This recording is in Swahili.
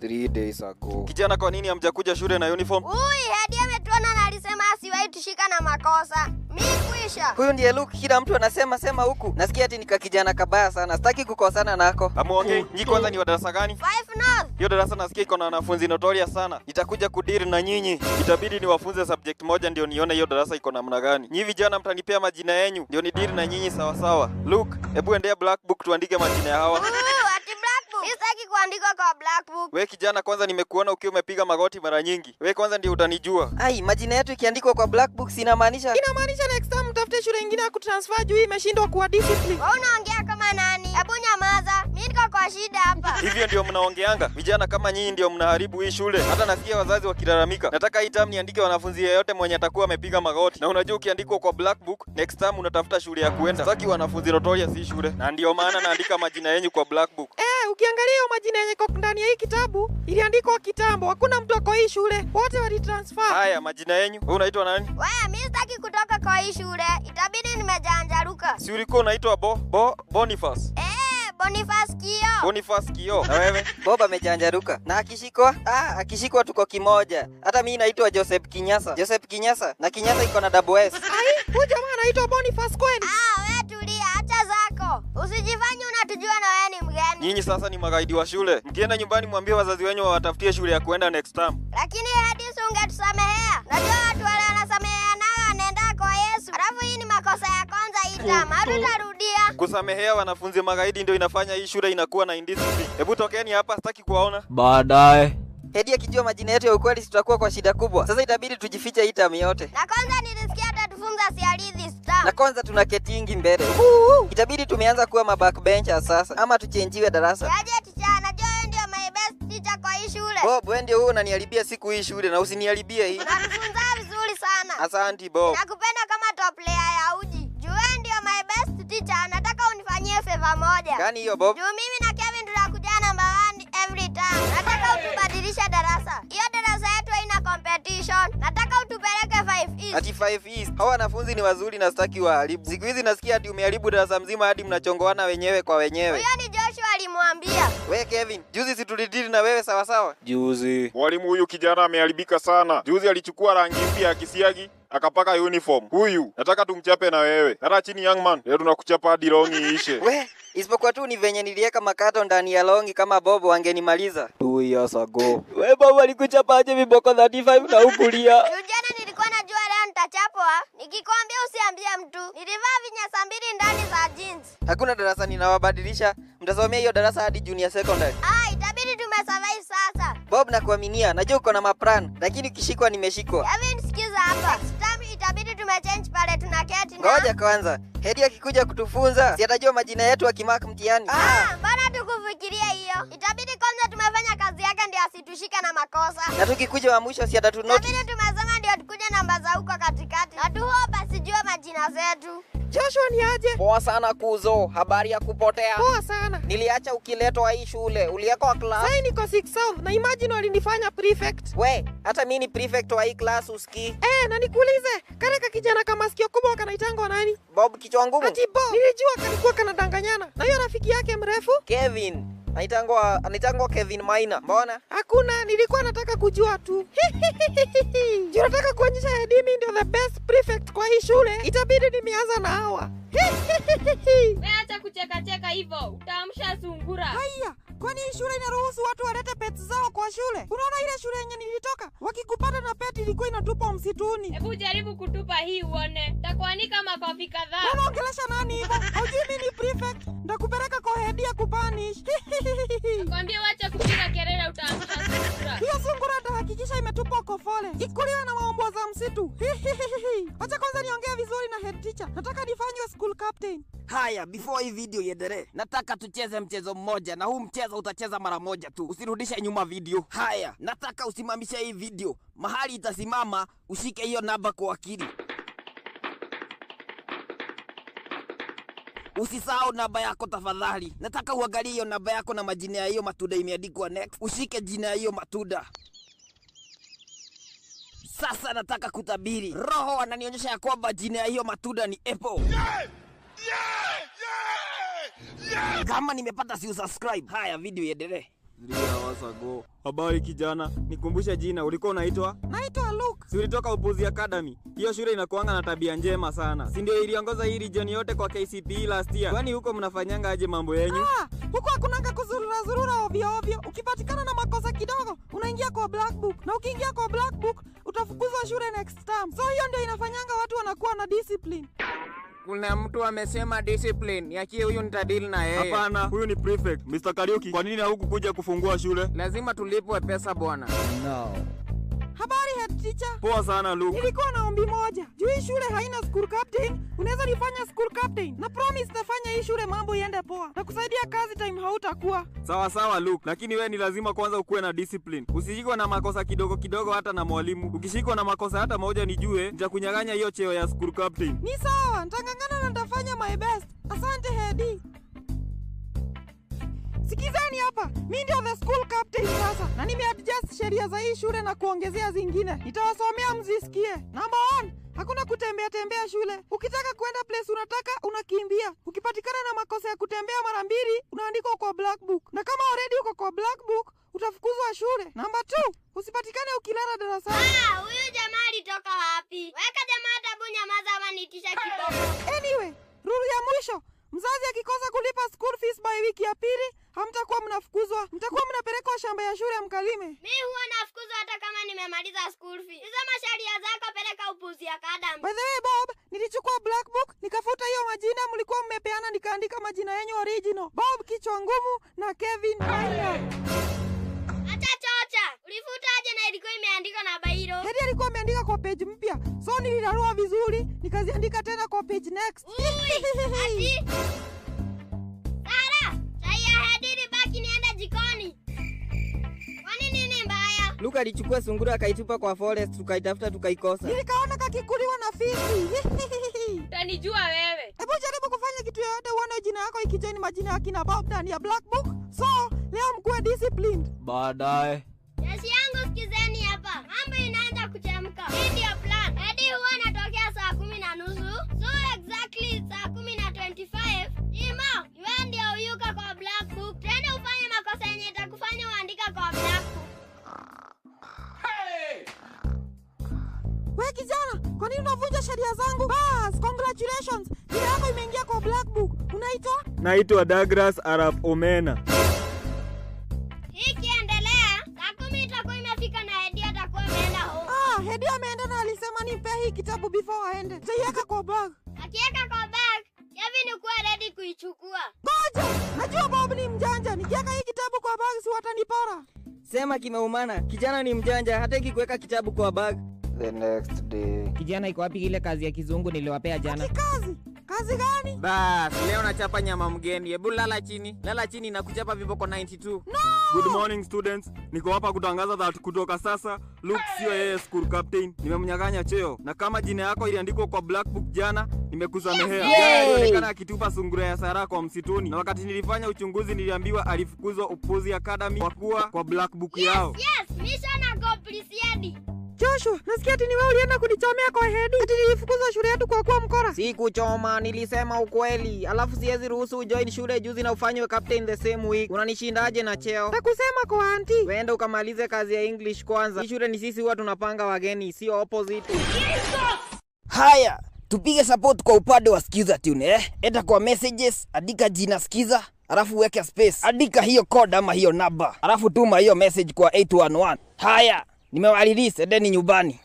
Three days ago. Kijana, kwa nini hamjakuja shule na uniform? Ui, hadi ametuona na alisema asiwahi tushika na makosa. Mimi kuisha. Huyu ndiye Luke, kila mtu anasema sema huku. Nasikia ati nika kijana kabaya sana. Sitaki kukosana nako. Amuongee, nyinyi kwanza ni wa darasa gani? Five North. Hiyo darasa nasikia iko na wanafunzi notoria sana. Nitakuja kudiri na nyinyi. Itabidi niwafunze subject moja ndio nione hiyo darasa iko namna gani. Nyinyi vijana mtanipea majina yenyu ndio nidiri na nyinyi sawa sawa. Luke, hebu endea black book tuandike majina ya hawa. Sitaki kuandikwa kwa black book. Wewe kijana, kwanza nimekuona ukiwa umepiga magoti mara nyingi. We kwanza ndio utanijua. Ai, majina yetu ikiandikwa kwa black book inamaanisha inamaanisha next time mtafute shule nyingine ya kutransfer juu imeshindwa kuwa discipline. Wewe unaongea kama nani? Hebu nyamaza kwa shida hapa. Hivyo ndio mnaongeanga vijana kama nyinyi, ndio mnaharibu hii shule. Hata nasikia wazazi wakilalamika. Nataka hii term niandike wanafunzi yeyote mwenye atakuwa amepiga magoti, na unajua ukiandikwa kwa black book, next time unatafuta shule ya kuenda. Saki wanafunzi rotoria si shule, na ndio maana naandika majina yenu kwa black book. Eh, ukiangalia hiyo majina yenye kwa ndani ya hii kitabu iliandikwa kitambo, hakuna mtu kwa hii shule, wote walitransfer. Haya, majina yenu. wewe unaitwa nani? Wewe, mimi sitaki kutoka kwa hii shule, itabidi nimejanjaruka. Si ulikuwa unaitwa Bo Bo Boniface? Boniface Kio. Boniface Kio. Na wewe? Bob amejanjaruka. Na akishikwa? Ah, akishikwa tuko kimoja. Hata mimi naitwa Joseph Kinyasa. Joseph Kinyasa. Na Kinyasa iko na double S. Ai, huyu jamaa anaitwa Boniface kweli? Ah, wewe tulia, acha zako. Usijifanye unatujua na wewe ni mgeni. Nyinyi sasa ni magaidi wa shule. Mkienda nyumbani mwambie wazazi wenu wawatafutie shule ya kuenda next term. Lakini hadi ungetusamehea. Najua watu wale wanasamehea nao anaenda kwa Yesu. Alafu hii ni makosa ya kwanza hii jamaa. Hatutarudi. Kusamehea wanafunzi magaidi ndio inafanya hii shule inakuwa na indiscipline. Hebu tokeni hapa, sitaki kuwaona. Baadaye Hedi akijua majina yetu ya ukweli, tutakuwa kwa shida kubwa. Sasa itabidi tujifiche hii tamu yote. Na kwanza nilisikia atatufunza sializi star. Na kwanza tuna ketingi mbele. Uhu. Itabidi tumeanza kuwa mabackbencher sasa, ama tuchenjiwe darasa. Yaje ticha, najua wewe ndio my best teacher kwa hii shule. Bob, wewe ndio unaniharibia siku hii shule, na usiniharibie hii. Unanifunza vizuri sana. Asanti Bob. Nakupenda. pamoja. Gani hiyo Bob? Juu mimi na Kevin tunakuja namba 1 every time. Nataka utubadilishe darasa. Hiyo darasa yetu haina competition. Nataka utupeleke 5 East. Ati 5 East. Hao wanafunzi ni wazuri na sitaki waharibu. Siku hizi nasikia ati umeharibu darasa mzima hadi mnachongoana wenyewe kwa wenyewe. Huyo ni Joshua alimwambia. We Kevin, juzi si tulidili na wewe sawa sawa? Juzi. Mwalimu huyu kijana ameharibika sana. Juzi alichukua rangi mpya ya kisiagi akapaka uniform. Huyu nataka tumchape na wewe. Hala chini young man, leo tunakuchapa hadi longi ishe. Wewe Isipokuwa tu ni venye niliweka makato ndani ya longi kama bobo angenimaliza. Two years ago. Wewe bobo alikuchapaje viboko 35 na ukulia? Nitachapwa nikikwambia, usiambie mtu. Nilivaa vinyasa mbili ndani za jeans. Hakuna darasa ninawabadilisha, mtasomea hiyo darasa hadi junior secondary. Ah, itabidi tumesurvive sasa. Bob, nakuaminia, najua uko na maplan, lakini ukishikwa nimeshikwa. Kevin, yaani, sikiza hapa itabidi tumechange pale tunaketi na. Ngoja kwanza. hedi akikuja kutufunza, si atajua majina yetu akimark mtihani. Ah, mbona tukufikiria hiyo? Itabidi kwanza tumefanya kazi yake ndio asitushike na makosa. Na tukikuja wa mwisho si atatunoti. Itabidi tume ndio tukuje namba za huko katikati, na tuhope asijue majina zetu. Joshua ni aje? Poa sana Kuzo, habari ya kupotea? Poa sana. Niliacha ukiletwa hii shule, uliekwa class. Sasa na imagine walinifanya prefect. We, hata mimi ni prefect wa hii class usikii. Eh, na nikuulize, kareka ka kijana kama sikio kubwa kanaitangwa nani? Bob kichwa ngumu. Ati Bob, nilijua kalikuwa kanadanganyana na hiyo rafiki yake mrefu Kevin anaitangwa anaitangwa Kevin Maina. Mbona hakuna? Nilikuwa nataka kujua tu juu nataka kuonyesha Edimi ndio the best prefect kwa hii shule, itabidi nimeanza na hawa wewe acha kuchekacheka hivyo, utaamsha sungura. Haya, kwani hii shule inaruhusu watu walete pets zao? shule. Unaona ile shule yenye nilitoka, wakikupata na peti ilikuwa inatupa msituni. Hebu jaribu kutupa hii uone, takuanika makofi kadhaa. Unaongelesha nani hivyo? Hujui mimi ni prefect, ndakupeleka kohedia kupanish. Nakwambia wacha kupiga kelele, utaamsha tupo Kofole ikuliwa na maombo za msitu. Hihihihi, acha kwanza niongee vizuri na head teacher, nataka nifanywe school captain. Haya, before hii video iendelee, nataka tucheze mchezo mmoja, na huu mchezo utacheza mara moja tu, usirudishe nyuma video. Haya, nataka usimamishe hii video mahali itasimama, ushike hiyo namba kwa akili. Usisahau namba yako tafadhali. Nataka uangalie hiyo namba yako na majina ya hiyo matunda imeandikwa next. Ushike jina ya hiyo matunda. Sasa nataka kutabiri. Roho ananionyesha ya kwamba jina ya hiyo matunda ni apple. Yeah! Yeah! Yeah! Yeah! Kama nimepata si usubscribe. Haya, video iendelee. Habari kijana, nikumbusha jina, ulikuwa unaitwa? Naitwa Luke. Si ulitoka Upuzi Academy? Hiyo shule inakuanga na tabia njema sana, si ndio? Iliongoza hii region yote kwa KCPE last year. Kwani huko mnafanyanga aje mambo yenyu? Ah! Huko hakunanga kuzurura zurura ovyo ovyo. Ukipatikana na makosa kidogo, unaingia kwa black book, na ukiingia kwa black book utafukuzwa shule next term. So hiyo ndio inafanyanga watu wanakuwa na discipline. Kuna mtu amesema discipline yake, huyu nitadili na yeye. Hapana, huyu ni prefect Mr. Kariuki. Kwa nini haukukuja kufungua shule? Lazima tulipwe pesa bwana. No. Habari ticha. Poa sana Luke. Nilikuwa na ombi moja. Juu hii shule haina school captain, unaweza nifanya school captain. Na promise nitafanya hii shule mambo iende poa. Na kusaidia kazi time hautakuwa. Sawa sawa Luke, lakini we ni lazima kwanza ukuwe na discipline. Usishikwe na makosa kidogo kidogo hata na mwalimu. Ukishikwa na makosa hata moja nijue, nitakunyang'anya hiyo cheo ya school captain. Ni sawa, nitang'ang'ana na nitafanya my best. Asante Hedi. Sikizani hapa, mimi ndio the school captain sheria za hii shule na kuongezea zingine. Nitawasomea mzisikie. Number one, hakuna kutembea tembea shule. Ukitaka kwenda place unataka unakimbia. Ukipatikana na makosa ya kutembea mara mbili, unaandikwa kwa black book, na kama already uko kwa black book utafukuzwa shule. Number two, usipatikane ukilala darasani. Ah, huyu jamaa alitoka wapi? Weka jamaa tabu, nyamaza ama nitisha kiboko. Anyway, rule ya mwisho Mzazi akikosa kulipa school fees by wiki ya pili, hamtakuwa mnafukuzwa, mtakuwa mnapelekwa shamba ya shule mkalime. Mi huwa nafukuzwa hata kama nimemaliza school fees. Hizo masharia zako peleka upuzi ya kadam. By the way, Bob, nilichukua black book nikafuta hiyo majina mlikuwa mmepeana, nikaandika majina yenyu original, Bob kichwa ngumu na Kevin Maynard. Chocha chocha, ulifutaje na ilikuwa imeandikwa na bairo? Hadi alikuwa ameandika kwa page mpya, so nilirarua vizuri nikaziandika tena kwa page next. Ui, ati Sara, chai ya hadi nibaki nienda jikoni. Kwani nini mbaya? Luka alichukua sungura akaitupa kwa forest, tukaitafuta tukaikosa. Nilikaona kakikuliwa na fisi. Utanijua wewe. Hebu jaribu kufanya kitu yoyote uone jina yako ikijoin majina ya kina Bob ndani ya black book. So leo mkuwe disciplined. Baadaye jeshi yangu, sikizeni hapa, mambo inaanza kuchemka. Hii ndiyo plan. Hadi huwa natokea saa kumi na nusu so exactly saa kumi na 25 imo iwe ndio uyuka kwa black book, tende ufanye makosa yenye itakufanya uandika kwa black book. Hey! We kijana, kwa nini unavunja sheria zangu? Bas, congratulations, jina yako imeingia kwa black book. Unaitwa? Naitwa Douglas Arap Omena. Ikiendelea, Takumi itakuwa imefika na atakuwa ameenda home. Ah, ameenda na alisema hii kitabu before aende. Taiweka kwa bag. Akiweka kwa bag, Kevin kuwa ready kuichukua. Ngoja, najua Bob ni mjanja. Nikiweka hii kitabu kwa bag si watanipora. Sema kimeumana, kijana ni mjanja, kitabu kwa bag. The next day. Kijana iko wapi ile kazi ya kizungu niliwapea jana? Kazi? Kazi gani? Bas, leo nachapa nyama mgeni. Hebu lala chini. Lala chini na kuchapa viboko 92. No! Good morning students. Niko hapa kutangaza that kutoka sasa Luke sio yeye school captain. Nimemnyang'anya cheo na kama jina yako iliandikwa kwa black book jana, nimekusamehea. Jana alionekana akitupa sungura ya Sara kwa msituni, na wakati nilifanya uchunguzi niliambiwa alifukuzwa Upuzi Academy kwa kuwa kwa black book yao. Yes, yes, mission accomplished. Joshua, nasikia ati ni wewe ulienda kunichomea kwa hedi. Ati nilifukuza shule yetu kwa kuwa mkora. Sikuchoma, nilisema ukweli. Alafu siwezi ruhusu ujoin shule juzi na ufanywe captain the same week. Unanishindaje na cheo? Na kusema kwa anti. Wenda ukamalize kazi ya English kwanza. Hii shule ni sisi huwa tunapanga wageni, sio opposite. Haya, tupige support kwa upande wa Skiza Tune eh. Enda kwa messages, andika jina Skiza, alafu weke space, andika hiyo code ama hiyo namba, alafu tuma hiyo message kwa 811. Haya, nimewalilisa deni nyumbani.